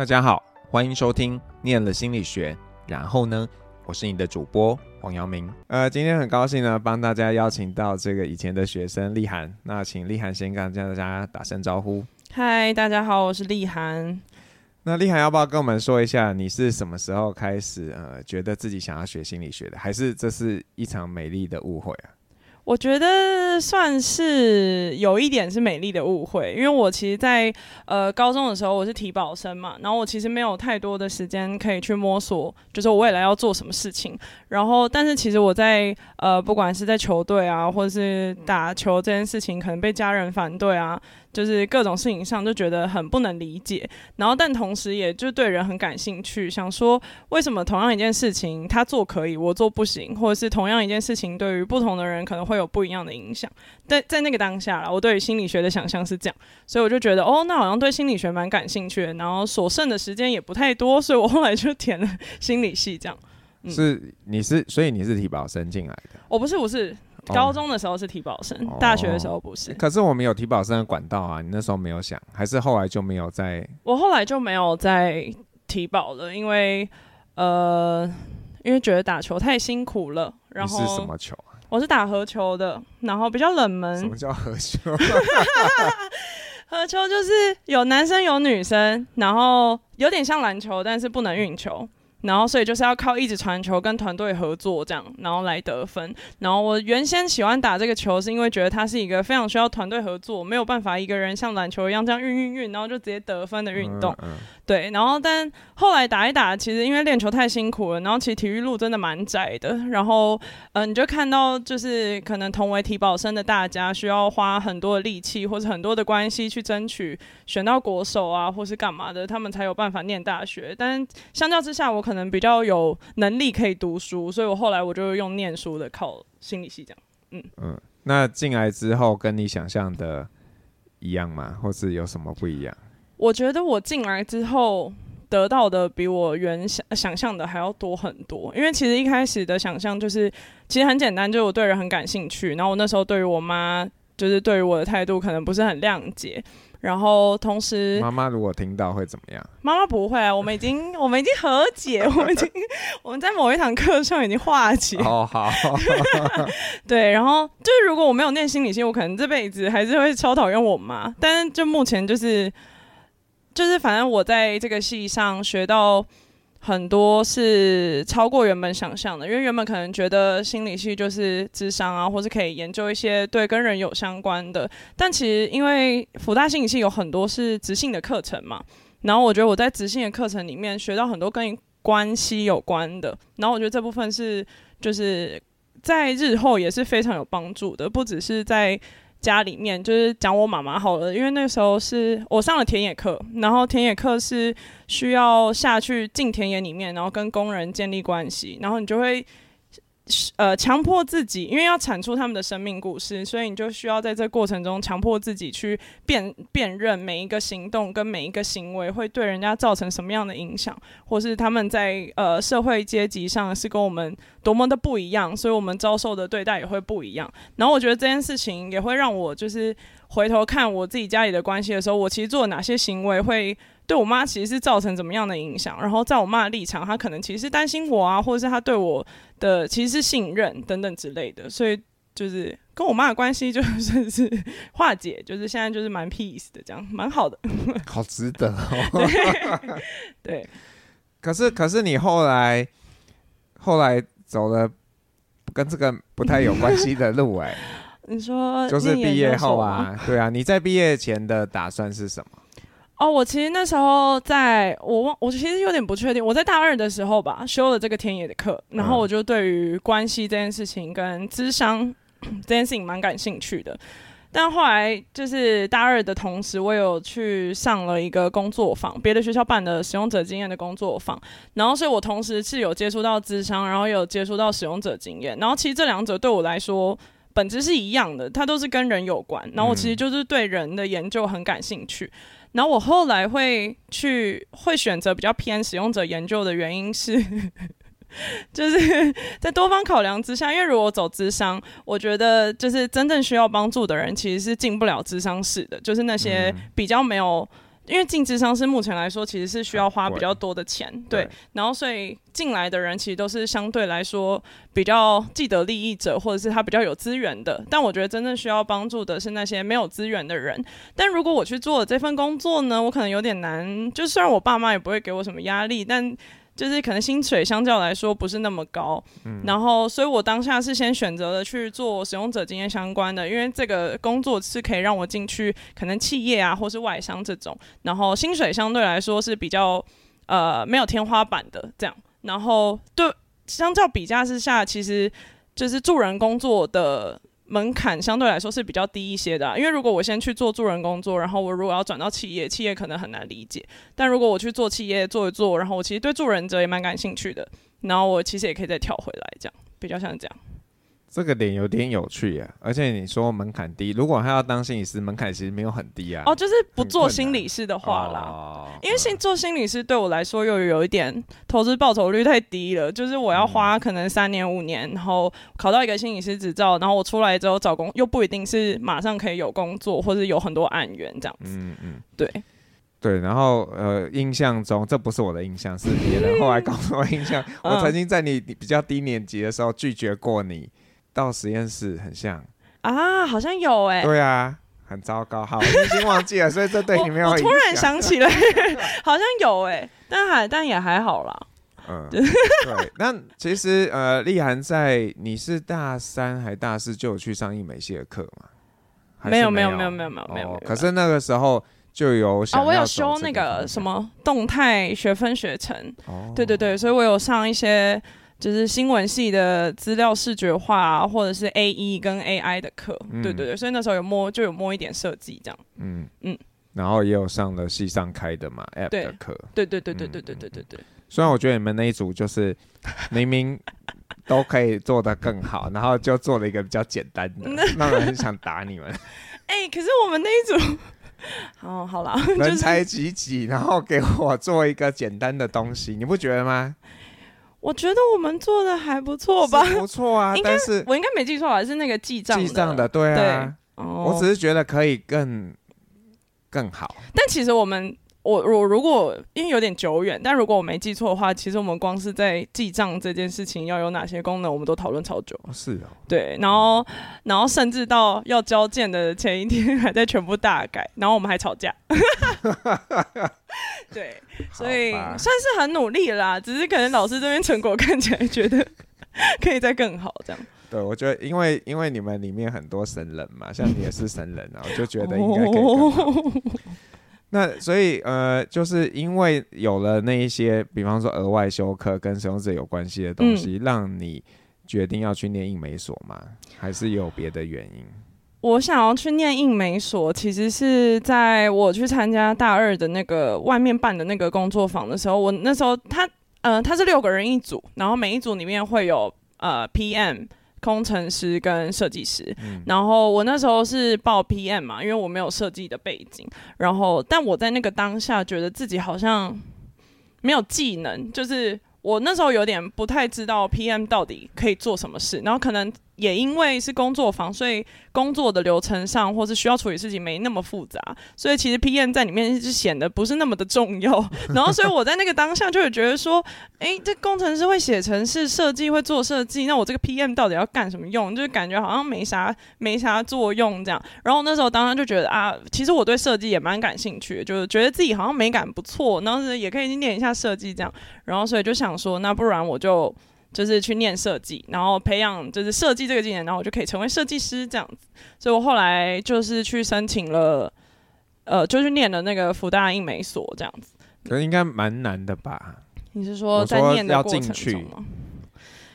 大家好，歡迎收聽《念了心理學然後呢》，我是你的主播黃揚名。呃，今天很高興呢，幫大家邀請到這個以前的學生莉涵。那請莉涵先跟大家打聲招呼。嗨，大家好，我是莉涵。那莉涵要不要跟我們說一下，你是什麼時候開始呃，覺得自己想要學心理學的？還是這是一場美麗的誤會啊？我覺得。算是有一點是美麗的誤會，因為我其實在，在呃高中的時候我是體保生嘛，然後我其實沒有太多的時間可以去摸索，就是我未來要做什麼事情。然後，但是其實我在呃，不管是在球隊啊，或者是打球這件事情，可能被家人反對啊，就是各種事情上就覺得很不能理解。然後，但同時也就對人很感興趣，想說為什麼同樣一件事情他做可以，我做不行，或者是同樣一件事情對於不同的人可能會有不一樣的影響。在在那個當下，我對於心理學的想象是這樣，所以我就覺得，哦，那好像對心理學蠻感興趣的。然後所剩的時間也不太多，所以我後來就填了心理系。這樣。嗯，是你是，所以你是體保生進來的？我不是，不是，我是高中的時候是體保生，哦，大學的時候不是。可是我們有體保生的管道啊，你那時候沒有想，還是後來就沒有再？我後來就沒有再體保了，因為呃，因為覺得打球太辛苦了。然後你是什麼球，啊？我是打合球的，然後比較冷門。什麼叫合球？合 球就是有男生有女生，然後有點像籃球，但是不能運球，然後所以就是要靠一直傳球跟團隊合作這樣，然後來得分。然後我原先喜歡打這個球，是因為覺得它是一個非常需要團隊合作，沒有辦法一個人像籃球一樣這樣運運運，然後就直接得分的運動。嗯嗯對，然後但後來打一打，其實因為練球太辛苦了，然後其實體育路真的蠻窄的。然後，嗯、呃，你就看到就是可能同為體保生的大家，需要花很多的力氣或者很多的關係去爭取選到國手啊，或是幹嘛的，他們才有辦法念大學。但相較之下，我可能比較有能力可以讀書，所以我後來我就用念書的考心理系，這樣。嗯嗯，那進來之後跟你想象的一樣嗎？或是有什麼不一樣？我覺得我進來之後得到的比我原想、呃、想象的還要多很多，因為其實一開始的想象就是，其實很簡單，就是我對人很感興趣。然後我那時候對於我媽就是對於我的態度可能不是很諒解。然後同時，媽媽如果聽到會怎麼樣？媽媽不會、啊，我們已經 我們已經和解，我們已經 我們在某一堂課上已經化解。哦，好，對。然後就是如果我沒有念心理系，我可能這輩子還是會超討厭我媽。但是就目前就是。就是反正我在這個系上學到很多是超過原本想象的，因為原本可能覺得心理系就是諮商啊，或是可以研究一些對跟人有相關的。但其實因為輔大心理系有很多是質性的課程嘛，然後我覺得我在質性的課程裡面學到很多跟關係有關的，然後我覺得這部分是就是在日後也是非常有幫助的，不只是在。家裡面就是講我媽媽好了，因為那時候是我上了田野課，然後田野課是需要下去進田野裡面，然後跟工人建立關係，然後你就會。呃，強迫自己，因為要產出他們的生命故事，所以你就需要在這個過程中強迫自己去辨辨認每一個行動跟每一個行為會對人家造成什麼樣的影響，或是他們在呃社會階級上是跟我們多麼的不一樣，所以我們遭受的對待也會不一樣。然後我覺得這件事情也會讓我就是回頭看我自己家裡的關係的時候，我其實做哪些行為會。對我媽其實是造成怎麼樣的影響？然後在我媽的立場，她可能其實是擔心我啊，或者是她對我的其實是信任等等之類的。所以就是跟我媽的關係就是是化解，就是現在就是蠻 peace 的，這樣蠻好的，好值得哦。 對，可是可是你後來後來走了跟這個不太有關係的路哎， 你說就是畢業後啊， 對啊，你在畢業前的打算是什麼？哦，我其實那時候在我忘，我其實有點不確定。我在大二的時候吧，修了這個田野的課，然後我就對於關係這件事情跟諮商、嗯、 這件事情蠻感興趣的。但後來就是大二的同時，我有去上了一個工作坊，別的學校辦的使用者經驗的工作坊。然後，所以我同時是有接觸到諮商，然後也有接觸到使用者經驗。然後，其實這兩者對我來說本質是一樣的，它都是跟人有關。然後，我其實就是對人的研究很感興趣。然後我後來會去會選擇比較偏使用者研究的原因是，就是在多方考量之下，因為如果走諮商，我覺得就是真正需要幫助的人其實是進不了諮商室的，就是那些比較沒有。因為諮商，是目前來說，其實是需要花比較多的錢，對。對然後，所以進來的人其實都是相對來說比較既得利益者，或者是他比較有資源的。但我覺得真正需要幫助的是那些沒有資源的人。但如果我去做了這份工作呢，我可能有點難。就雖然我爸媽也不會給我什麼壓力，但。就是可能薪水相較來說不是那麼高，嗯、然後所以我當下是先選擇了去做使用者經驗相關的，因為這個工作是可以讓我進去可能企業啊或是外商這種，然後薪水相對來說是比較呃沒有天花板的這樣，然後對相較比較之下，其實就是助人工作的，門檻相對來說是比較低一些的啊，因為如果我先去做助人工作，然後我如果要轉到企業，企業可能很難理解。但如果我去做企業做一做，然後我其實對助人者也蠻感興趣的，然後我其實也可以再跳回來，這樣比較像這樣。這個點有點有趣呀、啊，而且你說門檻低，如果他要當心理師，門檻其實沒有很低啊。哦，就是不做心理師的話啦，哦、因為做心理師對我來說又有一點投資報酬率太低了，就是我要花可能三年五年，嗯、然後考到一個心理師執照，然後我出來之後找工又不一定是馬上可以有工作，或者有很多案源這樣子。嗯嗯，對對，然後呃，印象中這不是我的印象，是別人後來告訴我印象。 嗯、我曾經在你比較低年級的時候拒絕過你。到實驗室很像啊，好像有哎、欸，對啊，很糟糕。好，我已經忘記了， 所以這對你沒有影響。我，我突然想起了， 好像有哎、欸，但還但也還好啦。嗯、呃，對。那對 其實呃，莉涵在你是大三還大四就有去上英美系的課嘛？沒有沒有沒有、哦、沒有沒有沒有。可是那個時候就有哦、啊，我有修那個什麼動態學分學程。哦。對對對，所以我有上一些。就是新聞系的資料視覺化、啊，或者是 A E 跟 A I 的課，嗯、對對對，所以那時候有摸就有摸一點設計這樣，嗯嗯，嗯然後也有上了系上開的嘛對 App 的課，對對對對對對對對對,對、嗯嗯、雖然我覺得你們那一組就是明明都可以做得更好， 然後就做了一個比較簡單的，讓 我很想打你們。哎、 欸，可是我們那一組，哦， 好了，人才濟濟，就是、然後給我做一個簡單的東西，你不覺得嗎？我覺得我們做的還不錯吧？不錯啊，應該，但是我應該沒記錯啊，還是那個記賬記賬的，對啊，對哦，我只是覺得可以更更好。但其實我們。我我如果因為有點久遠，但如果我沒記錯的話，其實我們光是在記賬這件事情要有哪些功能，我們都討論超久。是啊，喔，對，然後然後甚至到要交件的前一天還在全部大改，然後我們還吵架。 對，所以算是很努力啦，只是可能老師這邊成果看起來覺得可以再更好這樣。對，我覺得因為因為你們裡面很多神人嘛，像你也是神人啊， 我就覺得應該可以那所以呃，就是因為有了那一些，比方說額外修課跟使用者有關係的東西，嗯，讓你決定要去念應媒所嗎？還是有別的原因？我想要去念應媒所，其實是在我去參加大二的那個外面辦的那個工作坊的時候，我那時候他呃他是六個人一組，然後每一組裡面會有呃 PM。工程師跟設計師，嗯，然後我那時候是報 PM 嘛，因為我沒有設計的背景，然後但我在那個當下覺得自己好像沒有技能，就是我那時候有點不太知道 PM 到底可以做什麼事，然後可能。也因為是工作坊，所以工作的流程上或是需要處理事情沒那麼複雜，所以其實 PM 在裡面就顯得不是那麼的重要。然後，所以我在那個當下就會覺得說，哎、 欸，這工程師會寫程式設計，會做設計，那我這個 PM 到底要幹什麼用？就是感覺好像沒啥沒啥作用這樣。然後那時候當然就覺得啊，其實我對設計也蠻感興趣的，就是覺得自己好像美感不錯，然後也可以念一下設計這樣。然後，所以就想說，那不然我就。就是去念設計，然後培養就是設計這個技能，然後我就可以成為設計師這樣子。所以我後來就是去申請了，呃，就去念了那個福大印美所這樣子。可是應該蠻難的吧？你是說在念的過程中嗎？要進去嗎？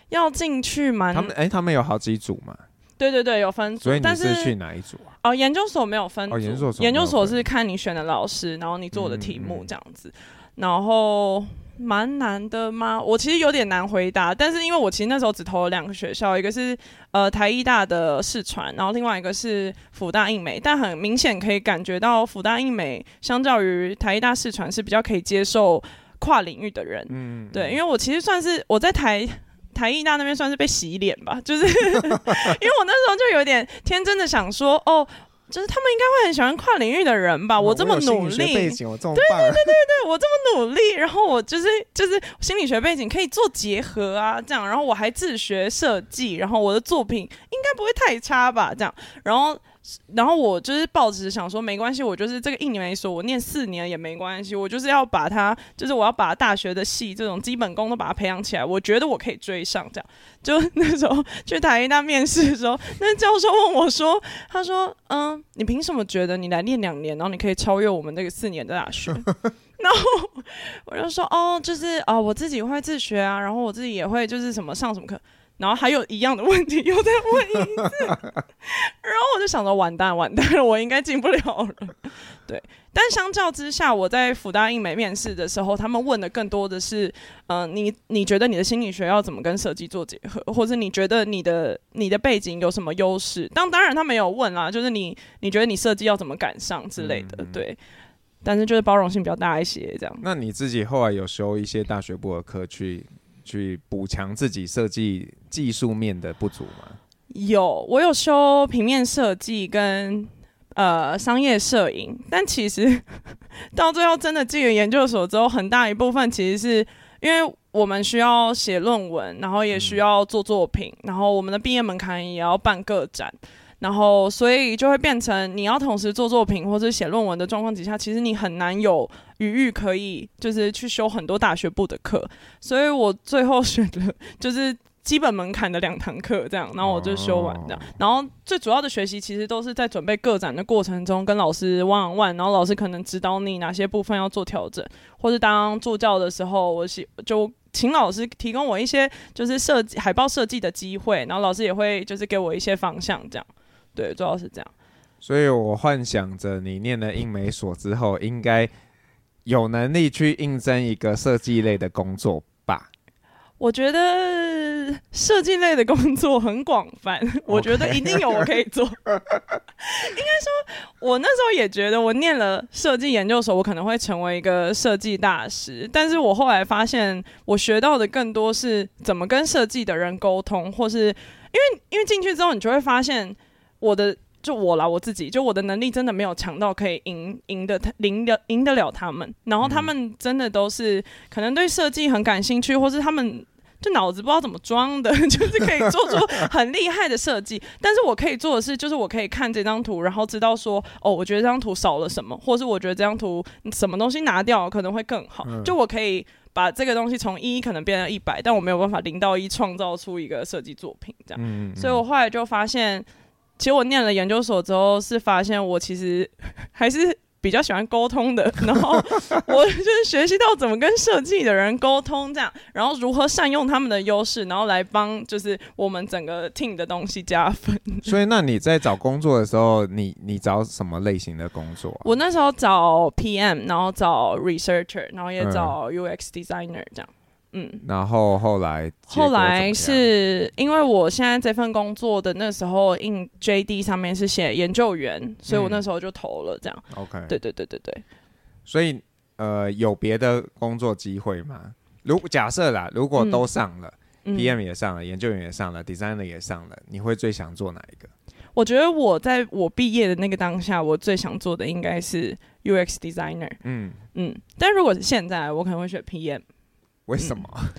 要進去嗎？去他們哎、欸，他們有好幾組嘛？對對對，有分組。但是去哪一組啊？哦，研究所沒有分組。哦、研究所沒有分研究所是看你選的老師，然後你做的題目這樣子，嗯嗯、然後。蠻難的嗎？我其實有點難回答，但是因為我其實那時候只投了兩個學校，一個是呃台藝大的視傳，然後另外一個是輔大應美。但很明顯可以感覺到，輔大應美相較於台藝大視傳是比較可以接受跨領域的人，嗯、對，因為我其實算是我在台台藝大那邊算是被洗臉吧，就是 因為我那時候就有點天真的想說，哦。就是他們應該會很喜歡跨領域的人吧？啊、我這麼努力，我有心理學背景，對對對對對， 我這麼努力，然後我就是就是心理學背景可以做結合啊，這樣，然後我還自學設計，然後我的作品應該不會太差吧？這樣，然後。然後我就是抱着想說，沒關係，我就是這個一年一說，我念四年也沒關係，我就是要把他，就是我要把大學的系這種基本功都把他培養起來，我覺得我可以追上這樣。就那時候去台大面試的時候，那教授問我說，他說，嗯，你憑什麼覺得你來念兩年，然後你可以超越我們那個四年的大學？ 然後我就說，哦，就是啊、呃，我自己會自學啊，然後我自己也會就是什麼上什麼課。然後還有一樣的問題，又再問一次， 然後我就想着完蛋完蛋了，我應該進不了了。對，但相較之下，我在輔大應美面試的時候，他們問的更多的是，嗯、呃，你你覺得你的心理學要怎麼跟設計做結合，或者你覺得你的你的背景有什麼優勢？當當然他沒有問啦，就是你你覺得你設計要怎麼趕上之類的，嗯、對。但是就是包容性比較大一些，這樣。那你自己後來有修一些大學部的課去？去補強自己設計技術面的不足嗎？有，我有修平面設計跟呃商業攝影，但其實到最後真的進了研究所之後，很大一部分其實是因為我們需要寫論文，然後也需要做作品，嗯，然後我們的畢業門檻也要辦個展。然後，所以就會變成你要同時做作品或者寫論文的狀況底下，其實你很難有餘裕可以就是去修很多大學部的課。所以我最後選了就是基本門檻的兩堂課這樣，然後我就修完了。然後最主要的學習其實都是在準備個展的過程中，跟老師 one on one，然後老師可能指導你哪些部分要做調整，或者當助教的時候，我希就請老師提供我一些就是設計海報設計的機會，然後老師也會就是給我一些方向這樣。對，主要是這樣。所以我幻想着你念了英美所之後，應該有能力去應徵一個設計類的工作吧？我覺得設計類的工作很廣泛，Okay. 我覺得一定有我可以做。 應該說，我那時候也覺得，我念了設計研究所，我可能會成為一個設計大師。但是我後來發現，我學到的更多是怎麼跟設計的人溝通，或是因為因為進去之後，你就會發現。我的就我啦，我自己就我的能力真的沒有強到可以贏贏得他，贏得贏得了他們。然後他們真的都是可能對設計很感興趣，或是他們就腦子不知道怎麼裝的，就是可以做出很厲害的設計。 但是我可以做的是，就是我可以看這張圖，然後知道說，哦，我覺得這張圖少了什麼，或是我覺得這張圖什麼東西拿掉可能會更好。嗯、就我可以把這個東西從一可能變成一百，但我沒有辦法零到一創造出一個設計作品這樣。嗯嗯，所以我後來就發現。其實我念了研究所之後，是發現我其實還是比較喜歡溝通的。然後我就是學習到怎麼跟設計的人溝通，這樣，然後如何善用他們的優勢，然後來幫就是我們整個 team 的東西加分。所以，那你在找工作的時候，你你找什麼類型的工作啊？我那時候找 PM，然後找 researcher，然後也找 UX Designer 這樣。嗯，然後後來後來是因為我現在這份工作的那時候 in JD 上面是寫研究員，嗯、所以我那時候就投了這樣。OK，、嗯、對,對對對對對。所以呃，有別的工作機會嗎？如假設啦，如果都上了、嗯、，PM 也上了，研究員也上了、嗯、，Designer 也上了，你會最想做哪一個？我覺得我在我畢業的那個當下，我最想做的應該是 UX Designer 嗯。嗯嗯，但如果是現在，我可能會選 PM。為什麼？嗯，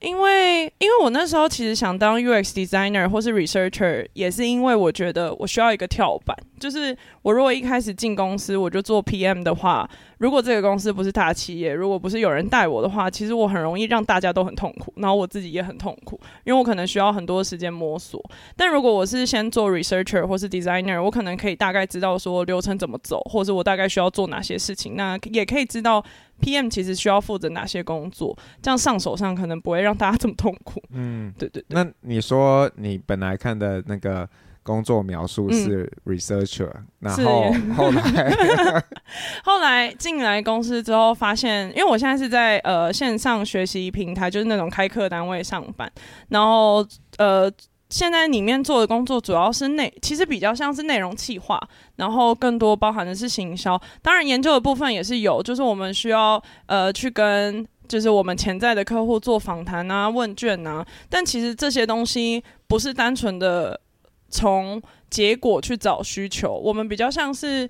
因為因為我那時候其實想當 UX Designer 或是 researcher，也是因為我覺得我需要一個跳板。就是我如果一開始進公司我就做 PM 的話，如果這個公司不是大企業，如果不是有人帶我的話，其實我很容易讓大家都很痛苦，然後我自己也很痛苦，因為我可能需要很多時間摸索。但如果我是先做 researcher 或是 designer，我可能可以大概知道說流程怎麼走，或者我大概需要做哪些事情，那也可以知道。PM 其實需要負責哪些工作？這樣上手上可能不會讓大家這麼痛苦。嗯，對對對。那你說你本來看的那個工作描述是 researcher，嗯，然後是，後來 後來進來公司之後發現，因為我現在是在呃線上學習平台，就是那種開課單位上班，然後呃。現在裡面做的工作主要是內，其實比較像是內容企劃，然後更多包含的是行銷。當然研究的部分也是有，就是我們需要呃去跟就是我們潛在的客戶做訪談啊、問卷啊。但其實這些東西不是單純的從結果去找需求，我們比較像是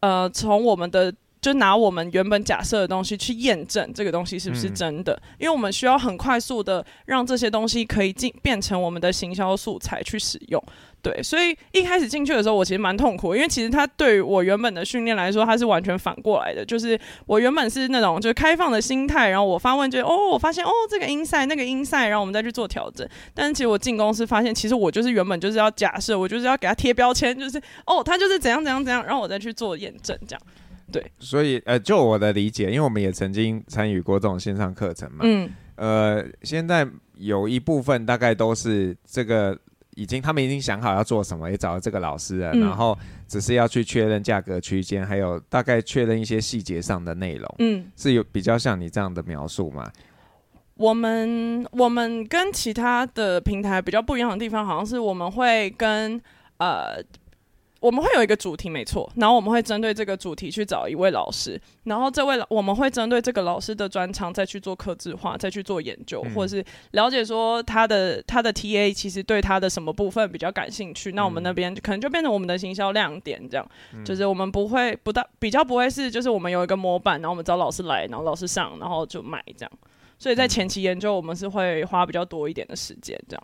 呃從我們的。就拿我們原本假設的東西去驗證這個東西是不是真的，嗯、因為我們需要很快速的讓這些東西可以進變成我們的行銷素材去使用。對，所以一開始進去的時候，我其實蠻痛苦，因為其實它對於我原本的訓練來說，它是完全反過來的。就是我原本是那種就是開放的心態，然後我發問卷、哦，我發現哦這個 insight 那個 insight，然後我們再去做調整。但其實我進公司發現，其實我就是原本就是要假設，我就是要給他貼標籤，就是哦他就是怎樣怎樣怎樣，然後我再去做驗證這樣。對，所以呃，就我的理解，因為我們也曾經參與過這種線上課程嘛，嗯，呃，現在有一部分大概都是這個已經，他們已經想好要做什麼，也找到這個老師了，嗯，然後只是要去確認價格區間，還有大概確認一些細節上的內容，嗯，是有比較像你這樣的描述嗎？我們我們跟其他的平台比較不一樣的地方，好像是我們會跟呃。我們會有一個主題，沒錯。然後我們會針對這個主題去找一位老師，然後這位老我們會針對這個老師的專長再去做客制化，再去做研究，嗯、或者是了解說他的他的 TA 其實對他的什麼部分比較感興趣。那我們那邊可能就變成我們的行銷亮點，這樣、嗯、就是我們不會不大比較不會是就是我們有一個模板，然後我們找老師來，然後老師上，然後就賣這樣。所以在前期研究，我們是會花比較多一點的時間這樣。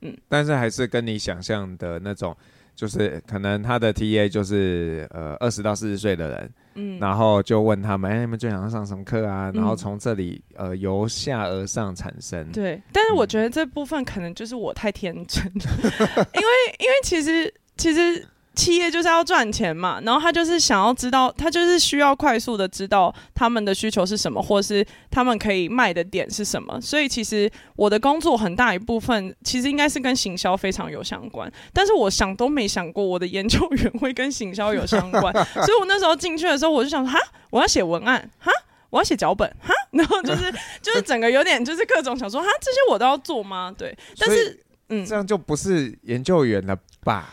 嗯，但是還是跟你想象的那種。就是可能他的 T A 就是呃，二十到四十歲的人，嗯，然後就問他們，哎、欸，你們最想要上什麼課啊？然後從這裡、嗯、呃由下而上產生。對，但是我覺得這部分可能就是我太天真了，嗯、因為因為其實其實。企業就是要賺錢嘛，然後他就是想要知道，他就是需要快速的知道他們的需求是什麼，或是他們可以賣的點是什麼。所以其實我的工作很大一部分，其實應該是跟行銷非常有相關。但是我想都沒想過我的研究員會跟行銷有相關， 所以我那時候進去的時候，我就想說：哈，我要寫文案，哈，我要寫腳本，哈，然後就是就是整個有點就是各種想說：哈，這些我都要做嗎？對，但是嗯，這樣就不是研究員了吧？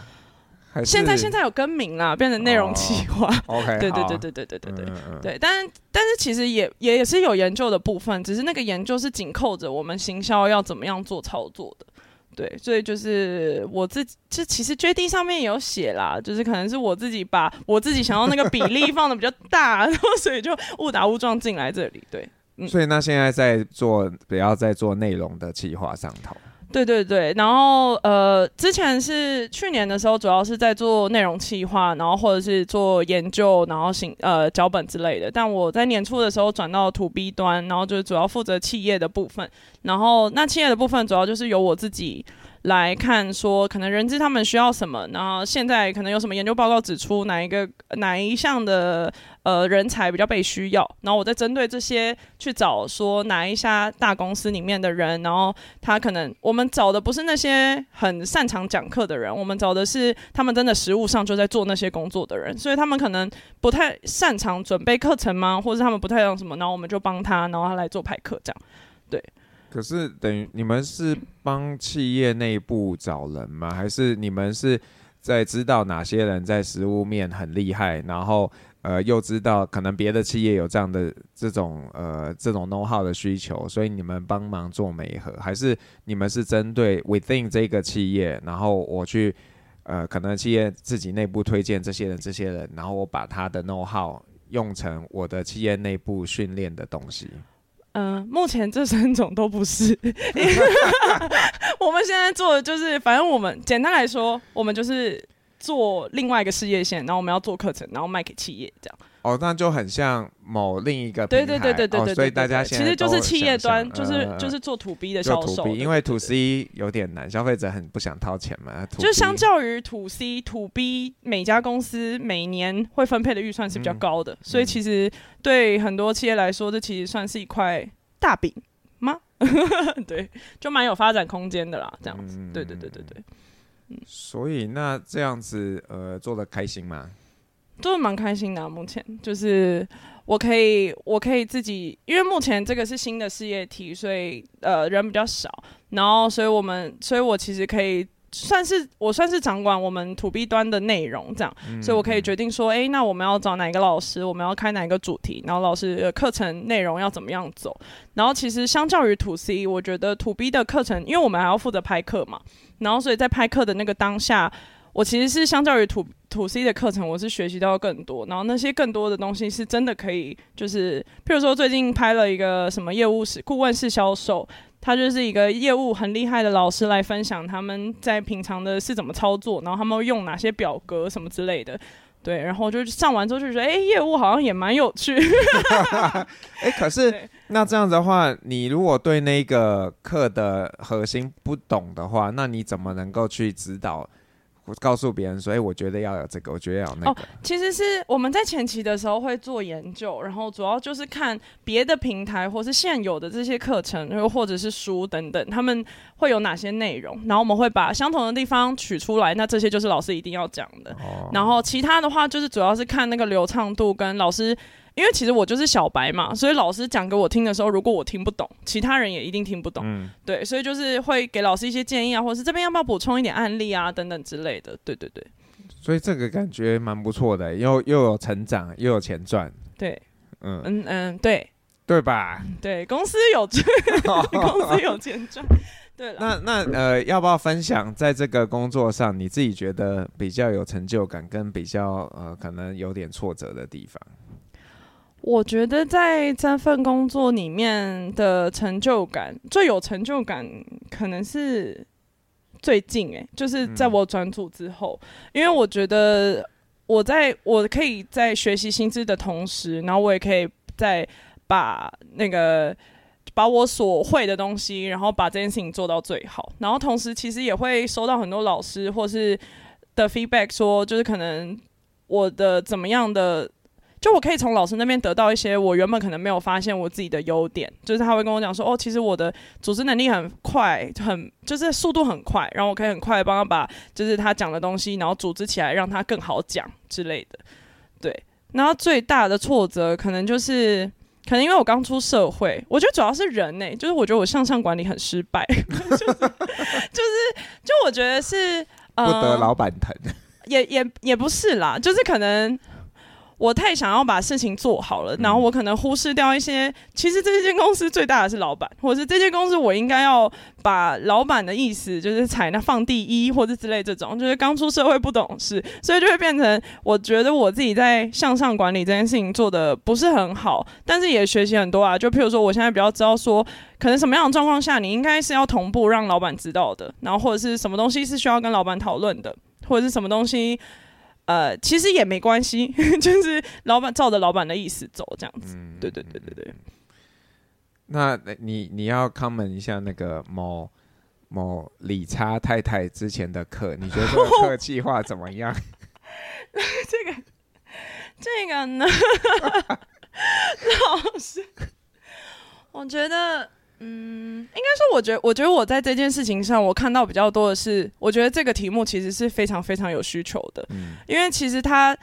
現在現在有更名啦，變成內容企劃。哦，OK，對對對對對對對對對。嗯嗯。對，但是但是其實也也是有研究的部分，只是那個研究是緊扣着我們行銷要怎麼樣做操作的。對，所以就是我自這其實 JD 上面也有寫啦，就是可能是我自己把我自己想要那個比例放得比較大，然後 所以就誤打誤撞進來這裡。對，嗯、所以那現在在做，不要再做內容的企劃上頭。對對對，然後呃，之前是去年的時候，主要是在做內容企劃，然後或者是做研究，然後行呃腳本之類的。但我在年初的時候轉到 to B 端，然後就主要負責企業的部分。然後那企業的部分，主要就是由我自己。來看說，可能人資他們需要什麼，然後現在可能有什麼研究報告指出哪一個哪一項的呃人才比較被需要，然後我再針對這些去找說哪一家大公司裡面的人，然後他可能我們找的不是那些很擅長講課的人，我們找的是他們真的實務上就在做那些工作的人，所以他們可能不太擅長準備課程嗎，或者他們不太懂什麼，然後我們就幫他，然後他來做排課這樣，對。可是等於你們是幫企業內部找人嗎？還是你們是在知道哪些人在實務面很厲害，然後呃又知道可能別的企業有這樣的這種呃這種 know how 的需求，所以你們幫忙做媒合？還是你們是針對 within 這個企業，然後我去呃可能企業自己內部推薦這些人，這些人，然後我把他的 know how 用成我的企業內部訓練的東西？嗯、呃，目前這三種都不是。 我們現在做的就是，反正我們簡單來說，我們就是做另外一個事業線，然後我們要做課程，然後賣給企業這樣。哦，那就很像某另一個對對對對對對，所以大家其實就是企業端，就是就是做土逼 B 的銷售，因為土 C 有點難，消費者很不想掏錢嘛。就相較於土 c t B 每家公司每年會分配的預算是比較高的，所以其實對很多企業來說，這其實算是一塊大餅嗎？對，就蠻有發展空間的啦，這樣子。對對對對對。所以那這樣子，呃，做的開心嗎？都是蠻開心的、啊。目前就是我可以，我可以自己，因為目前這個是新的事業體，所以呃人比較少，然後所以我們，所以我其實可以算是我算是掌管我們 To B 端的內容這樣，嗯、所以我可以決定說，哎、嗯欸，那我們要找哪一個老師，我們要開哪一個主題，然後老師課程內容要怎麼樣走。然後其實相較於 To C，我覺得 To B 的課程，因為我們還要負責拍課嘛，然後所以在拍課的那個當下。我其實是相較於土土 C 的課程，我是學習到更多，然後那些更多的東西是真的可以，就是譬如說最近拍了一個什麼業務式顧問式銷售，他就是一個業務很厲害的老師來分享他們在平常的是怎麼操作，然後他們用哪些表格什麼之類的，對，然後就上完之後就覺得，哎，業務好像也蠻有趣。 哎，可是對那這樣子的話，你如果對那個課的核心不懂的話，那你怎麼能夠去指導？告訴別人，所以我覺得要有這個，我覺得要有那個。哦，其實是我們在前期的時候會做研究，然後主要就是看別的平台或是現有的這些課程或者是書等等，他們會有哪些內容，然後我們會把相同的地方取出來，那這些就是老師一定要講的。Oh. 然後其他的話就是主要是看那個流暢度跟老師。因為其實我就是小白嘛，所以老師講給我聽的時候，如果我聽不懂，其他人也一定聽不懂。嗯、對，所以就是會給老師一些建議啊，或者是這邊要不要補充一點案例啊，等等之類的。對對對，所以這個感覺蠻不錯的，又又有成長，又有錢賺。對，嗯嗯嗯，對對吧？對公司有賺， 公司有錢賺。 對啦那，那那呃，要不要分享在這個工作上，你自己覺得比較有成就感，跟比較呃可能有點挫折的地方？我覺得在這份工作裡面的成就感，最有成就感，可能是最近哎、欸，就是在我轉組之後，嗯、因為我覺得我在我可以在學習新知的同時，然後我也可以在把那個把我所會的東西，然後把這件事情做到最好，然後同時其實也會收到很多老師或是的 feedback，說就是可能我的怎麼樣的。就我可以從老師那邊得到一些我原本可能沒有發現我自己的優點，就是他會跟我講說，哦，其實我的組織能力很快，很就是速度很快，然後我可以很快幫他把就是他講的東西，然後組織起來讓他更好講之類的。對，然後最大的挫折可能就是，可能因為我剛出社會，我覺得主要是人呢、欸，就是我覺得我向上管理很失敗， 就是、就是、就我覺得是呃，不得老闆疼，也也也不是啦，就是可能。我太想要把事情做好了，然後我可能忽視掉一些。其實這間公司最大的是老闆，或者是這間公司我應該要把老闆的意思就是採納放第一，或者之類這種。就是剛出社會不懂事，所以就會變成我覺得我自己在向上管理這件事情做得不是很好，但是也學習很多啊。就譬如說，我現在比較知道說，可能什麼樣的狀況下你應該是要同步讓老闆知道的，然後或者是什麼東西是需要跟老闆討論的，或者是什麼東西。呃，其實也沒關係，就是老闆照着老闆的意思走這樣子。嗯、對對對對對。那你你要 comment 一下那個某某理查太太之前的課，你覺得這個課計劃怎麼樣？這個，這個呢，老師，我覺得。嗯，應該說，我覺得，我覺得我在這件事情上，我看到比較多的是，我覺得這個題目其實是非常非常有需求的。嗯。因為其實他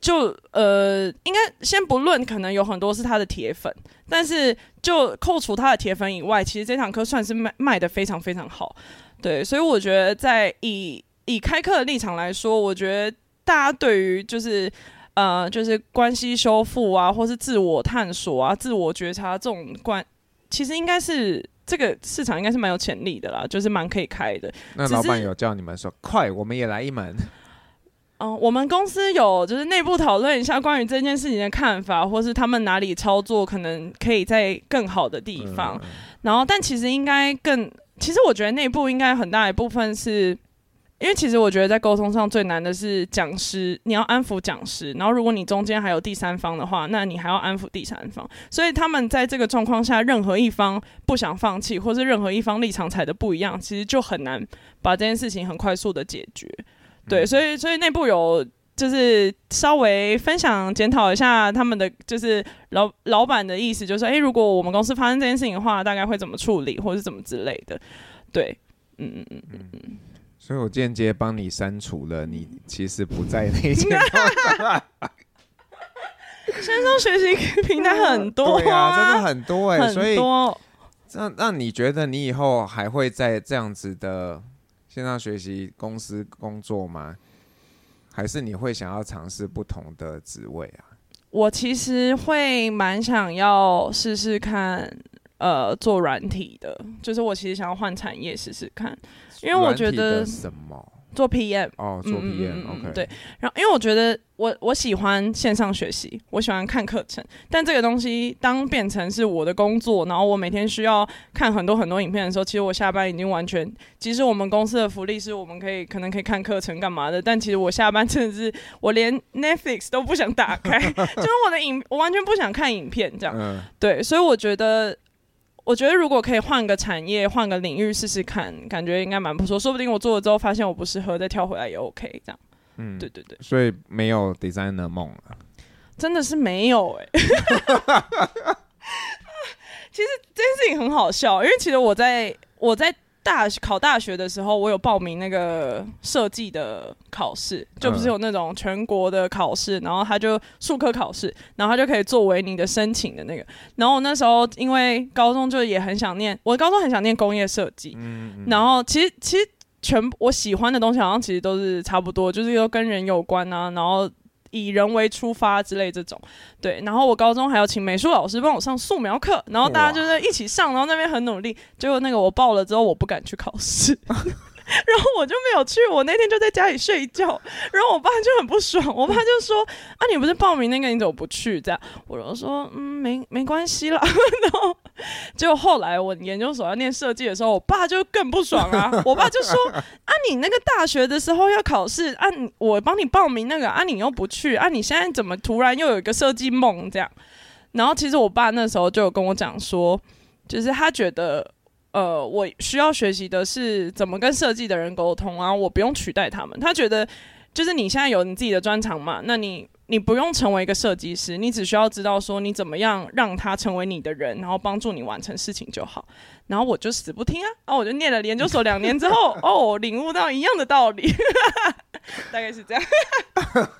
就呃，應該先不論，可能有很多是他的鐵粉，但是就扣除他的鐵粉以外，其實這堂課算是賣賣得非常非常好。對，所以我覺得，在以以開課的立場來說，我覺得大家對於就是呃，就是關係修復啊，或是自我探索啊、自我覺察這種關。其實應該是這個市場應該是蠻有潛力的啦，就是蠻可以開的。那老闆有叫你們說只是快，我們也來一門？嗯、呃，我們公司有就是內部討論一下關於這件事情的看法，或是他們哪裡操作可能可以在更好的地方。嗯、然後，但其實應該更，其實我覺得內部應該很大一部分是。因為其實我覺得，在溝通上最難的是講師，你要安撫講師，然後如果你中間還有第三方的話，那你還要安撫第三方。所以他們在這個狀況下，任何一方不想放棄，或是任何一方立場踩的不一樣，其實就很難把這件事情很快速的解決。嗯、對，所以所以內部有就是稍微分享檢討一下他們的，就是老老闆的意思，就是誒、欸，如果我們公司發生這件事情的話，大概會怎麼處理，或是怎麼之類的。對，嗯嗯嗯嗯嗯。所以我間接幫你刪除了，你其實不在那間。線上學習平台很多、啊，呀、 啊，真的很多哎、欸。多所以，那那你覺得你以後還會在這樣子的線上學習公司工作嗎？還是你會想要嘗試不同的職位啊？我其實會蠻想要試試看，呃，做軟體的，就是我其實想要換產業試試看。因為我覺得做 PM、嗯、哦，做 PM OK 對。然後因為我覺得我我喜歡線上學習，我喜歡看課程。但這個東西當變成是我的工作，然後我每天需要看很多很多影片的時候，其實我下班已經完全。其實我們公司的福利是，我們可以可能可以看課程幹嘛的，但其實我下班真的是我連 Netflix 都不想打開， 就是我的影，我完全不想看影片這樣。嗯、對，所以我覺得。我覺得如果可以換個產業，換個領域試試看，感覺應該蠻不錯。說不定我做了之後發現我不適合，再跳回來也 OK。這樣，嗯，對對對，所以沒有 designer 夢了，真的是沒有哎、欸。 其實這件事情很好笑，因為其實我在我在。大學考大學的時候，我有報名那個設計的考試，就不是有那種全國的考試，然後他就術科考試，然後他就可以作為你的申請的那個。然後我那時候因為高中就也很想念，我高中很想念工業設計。嗯嗯，然後其實其實全我喜歡的東西好像其實都是差不多，就是又跟人有關啊，然後。以人為出發之類這種，對。然後我高中還要請美術老師幫我上素描課，然後大家就在一起上，然後那邊很努力。結果那個我報了之後，我不敢去考試。哇 然後我就沒有去，我那天就在家裡睡覺。然後我爸就很不爽，我爸就說：“啊，你不是報名那個，你怎麼不去？”這樣，我就說：“嗯，沒沒關係啦。”然後，結果後來我研究所要念設計的時候，我爸就更不爽啊！我爸就說：“ 啊，你那個大學的時候要考試，啊，我幫你報名那個，啊，你又不去，啊，你現在怎麼突然又有一個設計夢？”這樣，然後其實我爸那時候就有跟我講說，就是他覺得。呃，我需要學習的是怎麼跟設計的人溝通啊！我不用取代他們。他覺得，就是你現在有你自己的專長嘛，那你你不用成為一個設計師，你只需要知道說你怎麼樣讓他成為你的人，然後幫助你完成事情就好。然後我就死不聽啊！然後我就念了研究所兩年之後， 哦，我領悟到一樣的道理， 大概是這樣。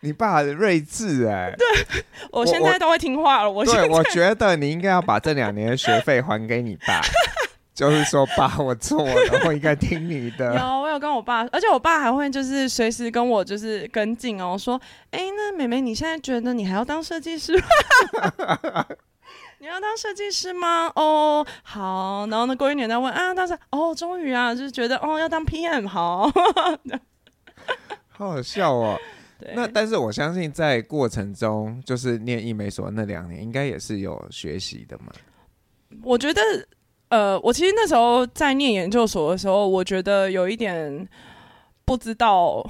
你爸很睿智哎、欸，對，我現在都會聽話了。我對，我覺得你應該要把這兩年的學費還給你爸， 就是說，爸，我錯了，我應該聽你的。有，我有跟我爸，而且我爸還會就是隨時跟我就是跟進哦，說，哎、欸，那妹妹你現在覺得你還要當設計師嗎？ 你要當設計師嗎？哦，好。然後呢，過一年再問啊，當時哦，終於啊，就是覺得哦，要當 PM，好， 好，好笑哦。對那但是我相信，在過程中，就是念一美所那兩年，應該也是有學習的嘛。我覺得，呃，我其實那時候在念研究所的時候，我覺得有一點不知道，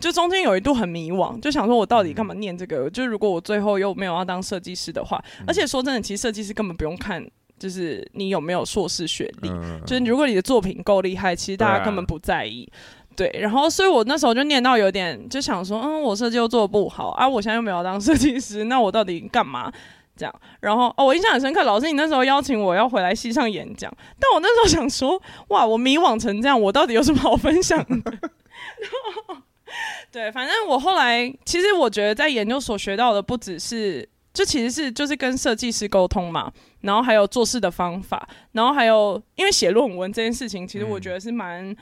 就中間有一度很迷惘，就想說我到底幹嘛念這個？嗯、就如果我最後又沒有要當設計師的話，嗯、而且說真的，其實設計師根本不用看，就是你有沒有碩士學歷，嗯、就是如果你的作品夠厲害，其實大家根本不在意。對，然後，所以我那時候就念到有點就想說，嗯，我設計又做不好啊，我現在又沒有當設計師，那我到底幹嘛？這樣，然後哦，我印象很深刻，老師你那時候邀請我要回來系上演講，但我那時候想說，哇，我迷惘成這樣，我到底有什麼好分享的？ 然後，對，反正我後來其實我覺得在研究所學到的不只是，就其實是就是跟設計師溝通嘛，然後還有做事的方法，然後還有因為寫論文這件事情，其實我覺得是蠻。嗯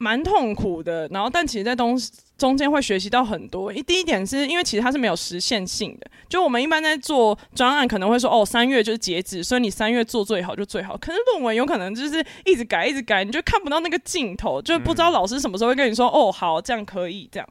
蠻痛苦的，然後但其實，在東中間會學習到很多。一第一點是因為其實它是沒有時限性的，就我們一般在做專案可能會說，哦，三月就是截止，所以你三月做最好就最好。可是論文有可能就是一直改，一直改，你就看不到那個盡頭，就不知道老師什麼時候會跟你說，嗯、哦，好，這樣可以，這樣。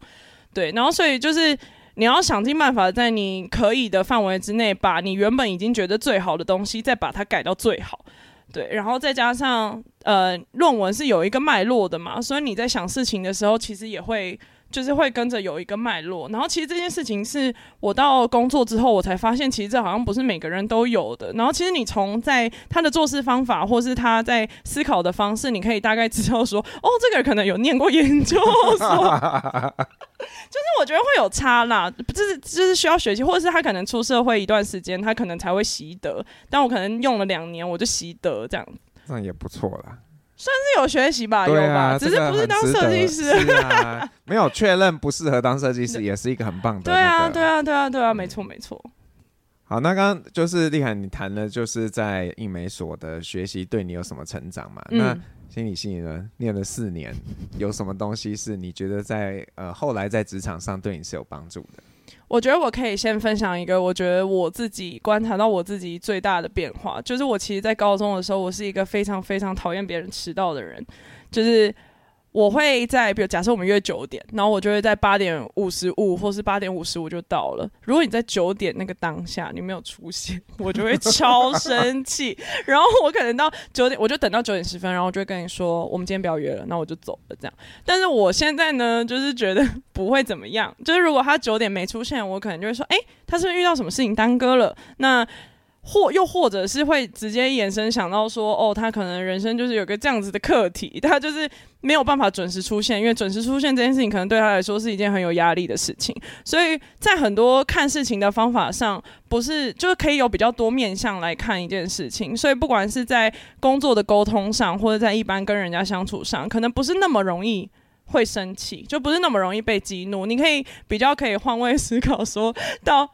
對，然後所以就是你要想盡辦法，在你可以的範圍之內，把你原本已經覺得最好的東西，再把它改到最好。對，然後再加上，呃，論文是有一個脈絡的嘛，所以你在想事情的時候，其實也會。就是會跟着有一個脈絡，然後其實這件事情是我到工作之後，我才發現其實這好像不是每個人都有的。然後其實你從在他的做事方法，或是他在思考的方式，你可以大概知道說，哦，這個人可能有念過研究所，說 就是我覺得會有差啦。就是就是需要學習，或者是他可能出社會一段時間，他可能才會習得。但我可能用了兩年，我就習得這樣，那也不錯啦。算是有學習吧，啊、有吧，只是不是當設計師。是啊， 沒有確認不適合當設計師，也是一個很棒的、那個。對啊，對啊，對啊，對啊，沒錯，嗯、沒錯錯。好，那剛剛就是厲害你談的就是在印美所的學習對你有什麼成長嘛？嗯、那心理學呢，念了四年，有什麼東西是你覺得在呃後來在職場上對你是有幫助的？我覺得我可以先分享一個，我覺得我自己觀察到我自己最大的變化，就是我其實，在高中的時候，我是一個非常非常討厭別人遲到的人，就是。我會在，比如假設我們約九點，然後我就會在八點五十五，或是八點五十五就到了。如果你在九點那個當下你沒有出現，我就會超生氣。然後我可能到九點，我就等到九點十分，然後就會跟你說，我們今天不要約了，那我就走了這樣。但是我現在呢，就是覺得不會怎麼樣。就是如果他九點沒出現，我可能就會說，哎，他是不是遇到什麼事情耽擱了？那或又或者是會直接延伸想到說，哦，他可能人生就是有個這樣子的課題，他就是沒有辦法準時出現，因為準時出現這件事情可能對他來說是一件很有壓力的事情，所以在很多看事情的方法上，不是就是可以有比較多面向來看一件事情，所以不管是在工作的溝通上，或者在一般跟人家相處上，可能不是那麼容易會生氣，就不是那麼容易被激怒，你可以比較可以換位思考，說到。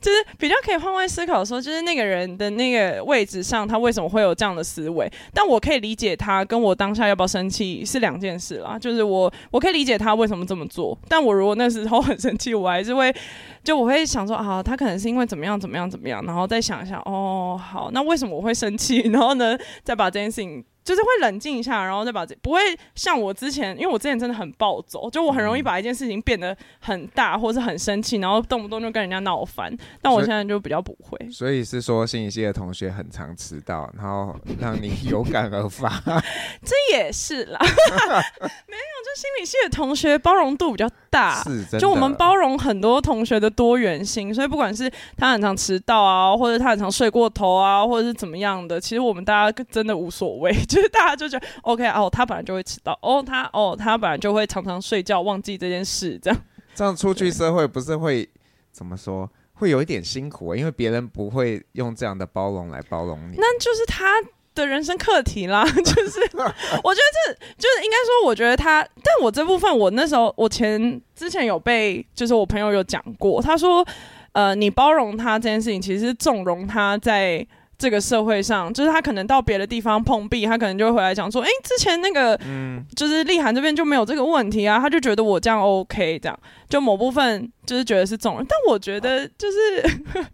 就是比較可以換位思考，說就是那個人的那個位置上，他為什麼會有這樣的思維？但我可以理解他跟我當下要不要生氣是兩件事啦。就是我我可以理解他為什麼這麼做，但我如果那時候很生氣，我還是會就我會想說啊，他可能是因為怎麼樣怎麼樣怎麼樣，然後再想一想哦，好，那為什麼我會生氣？然後呢，再把這件事情。就是會冷靜一下，然後再把這不會像我之前，因為我之前真的很暴走，就我很容易把一件事情變得很大，或是很生氣，然後動不動就跟人家鬧翻。但我現在就比較不會。所以，所以是說心理系的同學很常遲到，然後讓你有感而發， 這也是啦。 沒有，就心理系的同學包容度比較大，是就我們包容很多同學的多元性，所以不管是他很常遲到啊，或者他很常睡過頭啊，或者是，是怎麼樣的，其實我們大家真的無所謂。就大家就覺得 OK 哦，他本來就會遲到哦，他哦，他本來就會常常睡覺，忘記這件事，這樣這樣出去社會不是會對怎麼說？會有一點辛苦，因為別人不會用這樣的包容來包容你。那就是他的人生課題啦。就是 我覺得這就是應該說，我覺得他，但我這部分我那時候我前之前有被就是我朋友有講過，他說呃，你包容他這件事情，其實縱容他在。這個社會上，就是他可能到別的地方碰壁，他可能就會回來講說：“哎，之前那個，嗯、就是莉涵這邊就沒有這個問題啊。”他就覺得我這樣 OK，這樣就某部分就是覺得是縱容。但我覺得就是、啊、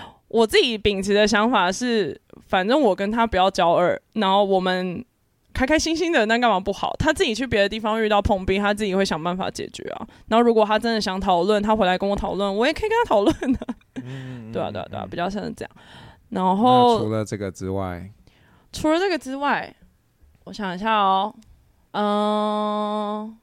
我自己秉持的想法是，反正我跟他不要交惡，然後我們開開心心的，那干嘛不好？他自己去別的地方遇到碰壁，他自己會想辦法解決啊。然後如果他真的想討論，他回來跟我討論，我也可以跟他討論的。對啊，對啊，對啊，比較像是這樣。然後除了這個之外，除了這個之外，我想一下哦，嗯、呃，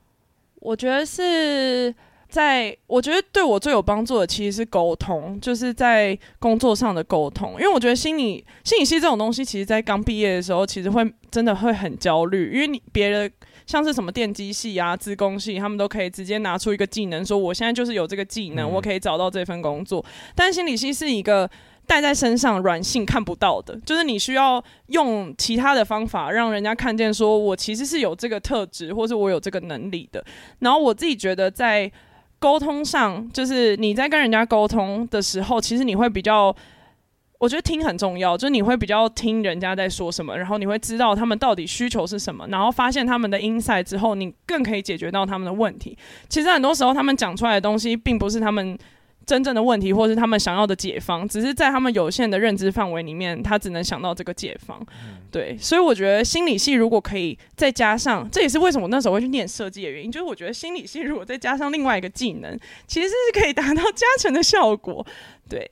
我覺得是在，我覺得對我最有幫助的其實是溝通，就是在工作上的溝通。因為我覺得心理心理系這種東西，其實在剛畢業的時候，其實會真的會很焦慮，因為你別人像是什麼電機系啊、資工系，他們都可以直接拿出一個技能，說我現在就是有這個技能，嗯、我可以找到這份工作。但心理系是一個。帶在身上、軟性看不到的，就是你需要用其他的方法讓人家看見，說我其實是有這個特質，或是我有這個能力的。然後我自己覺得，在溝通上，就是你在跟人家溝通的時候，其實你會比較，我覺得聽很重要，就是你會比較聽人家在說什麼，然後你會知道他們到底需求是什麼，然後發現他們的 insight 之後，你更可以解決到他們的問題。其實很多時候，他們講出來的東西，並不是他們。真正的問題，或是他們想要的解方，只是在他們有限的認知範圍裡面，他只能想到這個解方。嗯、對，所以我覺得心理系如果可以再加上，這也是為什麼我那時候會去念設計的原因。就是我覺得心理系如果再加上另外一個技能，其實是可以達到加成的效果。對。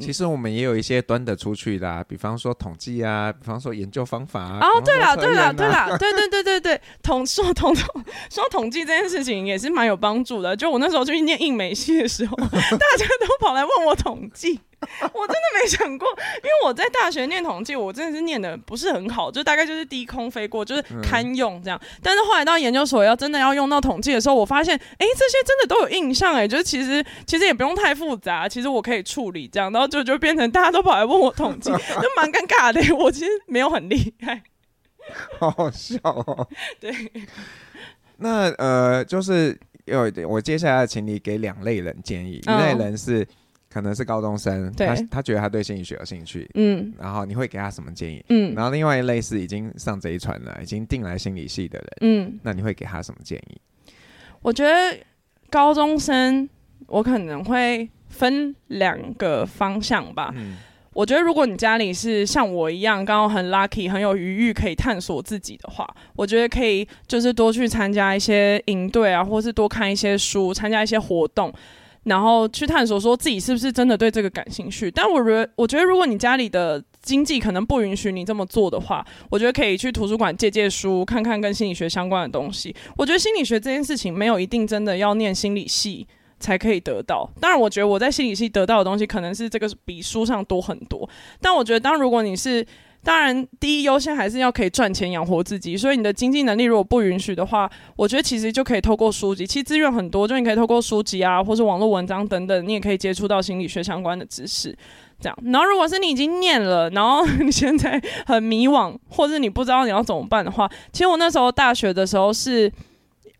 其實我們也有一些端得出去的，比方說統計啊，比方說研究方法啊。哦，啊、對了、啊，對了、啊，對了、啊，對對對對對，統 說統說統計這件事情也是蠻有幫助的。就我那時候去念印美系的時候， 大家都跑來問我統計。 我真的沒想過，因為我在大學念統計，我真的是念的不是很好，就大概就是低空飛過，就是堪用這樣。嗯、但是後來到研究所要真的要用到統計的時候，我發現，哎、欸，這些真的都有印象，哎，就是其實其實也不用太複雜，其實我可以處理這樣。然後就就變成大家都跑來問我統計，就蠻尷尬的。 我其實沒有很厲害，好 好笑哦。 對，那呃，就是有一點，我接下來請你給兩類人建議，哦、一類人是。可能是高中生，對他他覺得他對心理學有興趣，嗯，然後你會給他什麼建議？嗯，然後另外一類是已經上賊船了，已經定來心理系的人，嗯，那你會給他什麼建議？我覺得高中生，我可能會分兩個方向吧。嗯，我覺得如果你家裡是像我一樣，剛好很 lucky，很有餘裕可以探索自己的話，我覺得可以就是多去參加一些營隊啊，或是多看一些書，參加一些活動。然後去探索，說自己是不是真的對這個感興趣。但我覺得，我覺得如果你家裡的經濟可能不允許你這麼做的話，我覺得可以去圖書館借借書，看看跟心理學相關的東西。我覺得心理學這件事情沒有一定真的要念心理系才可以得到。當然，我覺得我在心理系得到的東西可能是這個比書上多很多。但我覺得，當如果你是當然，第一優先還是要可以賺錢養活自己，所以你的經濟能力如果不允許的話，我覺得其實就可以透過書籍。其實資源很多，就你可以透過書籍啊，或是網絡文章等等，你也可以接觸到心理學相關的知識。這樣，然後如果是你已經念了，然後你現在很迷惘，或是你不知道你要怎麼辦的話，其實我那時候大學的時候是。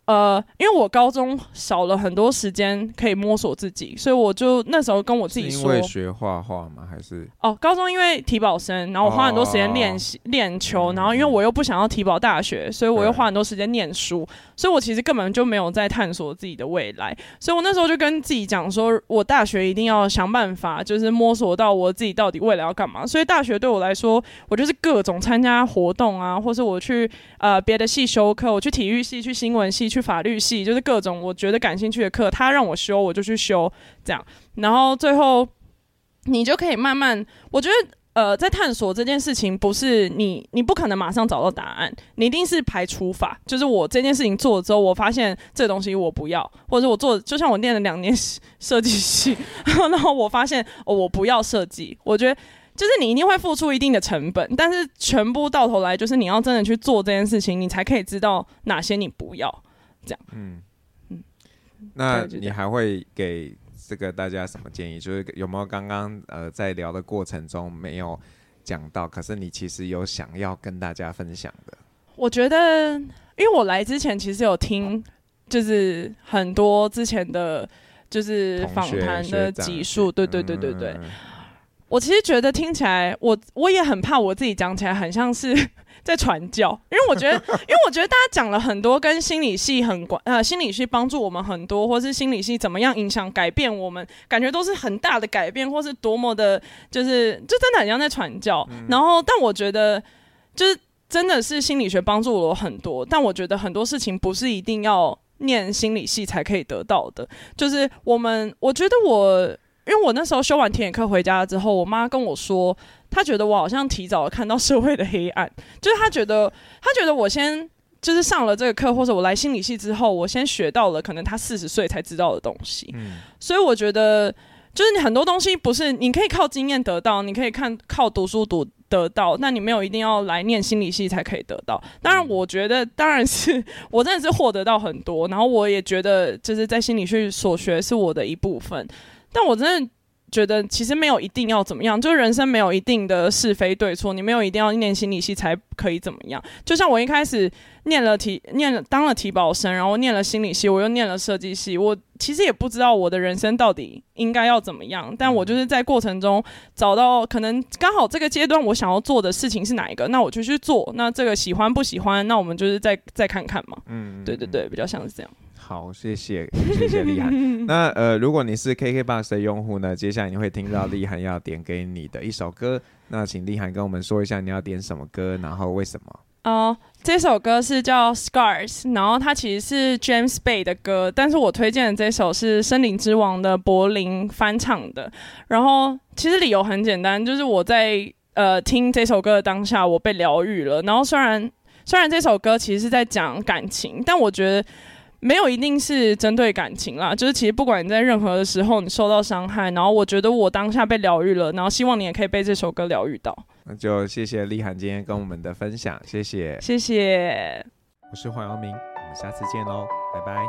呃，因為我高中少了很多時間可以摸索自己，所以我就那時候跟我自己說，是因為學畫畫嗎？還是哦，高中因為體保生，然後我花很多時間練習練球，然後因為我又不想要體保大學，所以我又花很多時間念書，嗯、所以我其實根本就沒有在探索自己的未來，所以我那時候就跟自己講說，我大學一定要想辦法，就是摸索到我自己到底未來要幹嘛。所以大學對我來說，我就是各種參加活動啊，或是我去呃別的系修課，我去體育系，去新聞系。去法律系，就是各種我覺得感興趣的課，他讓我修我就去修這樣，然後最後你就可以慢慢，我覺得呃，在探索這件事情不是你，你不可能馬上找到答案，你一定是排除法，就是我這件事情做了之後我發現這東西我不要，或者是我做，就像我念了兩年設計系，然後我發現，哦，我不要設計，我覺得就是你一定會付出一定的成本，但是全部到頭來就是你要真的去做這件事情，你才可以知道哪些你不要。這樣，嗯嗯，那你還會給這個大家什麼建議？就是有沒有剛剛呃在聊的過程中沒有講到，可是你其實有想要跟大家分享的？我覺得，因為我來之前其實有聽，就是很多之前的，就是訪談的集數，學學對對對對對。嗯，我其實覺得聽起來，我我也很怕我自己講起來，很像是。在傳教，因為我覺得，因為我覺得大家講了很多跟心理系很關，呃，心理系幫助我們很多，或是心理系怎麼樣影響改變我們，感覺都是很大的改變，或是多麼的，就是就真的很像在傳教。嗯、然後，但我覺得，就是真的是心理學幫助我很多，但我覺得很多事情不是一定要念心理系才可以得到的，就是我們，我覺得我。因為我那時候修完田野課回家之後，我媽跟我說，她覺得我好像提早看到社會的黑暗，就是她覺得，她覺得我先就是上了這個課，或者我來心理系之後，我先學到了可能她四十歲才知道的東西。嗯，所以我覺得，就是你很多東西不是你可以靠經驗得到，你可以看靠讀書讀得到，那你沒有一定要來念心理系才可以得到。當然，我覺得當然是我真的是獲得到很多，然後我也覺得就是在心理學所學是我的一部分。但我真的覺得，其實沒有一定要怎麼樣，就是人生沒有一定的是非對錯，你沒有一定要念心理系才可以怎麼樣。就像我一開始念了體，念了當了體保生，然後念了心理系，我又念了設計系，我其實也不知道我的人生到底應該要怎麼樣。但我就是在過程中找到，可能剛好這個階段我想要做的事情是哪一個，那我就去做。那這個喜歡不喜歡，那我們就是再再看看嘛。嗯，對對對，比較像是這樣。好，謝謝、欸，謝謝莉涵。 那呃，如果你是 KKBOX 的用戶呢，接下來你會聽到莉涵要點給你的一首歌。 那請莉涵跟我們說一下你要點什麼歌，然後為什麼？哦，uh, 這首歌是叫《Scars》，然後它其實是 James Bay 的歌，但是我推薦的這首是森林之王的柏林翻唱的。然後其實理由很簡單，就是我在呃聽這首歌的當下，我被療癒了。然後雖然雖然這首歌其實是在講感情，但我覺得。沒有一定是針對感情啦，就是其實不管你在任何的時候，你受到傷害，然後我覺得我當下被療癒了，然後希望你也可以被這首歌療癒到。那就謝謝莉涵今天跟我們的分享，謝謝，謝謝。我是黃陽明，我們下次見嘍，拜拜。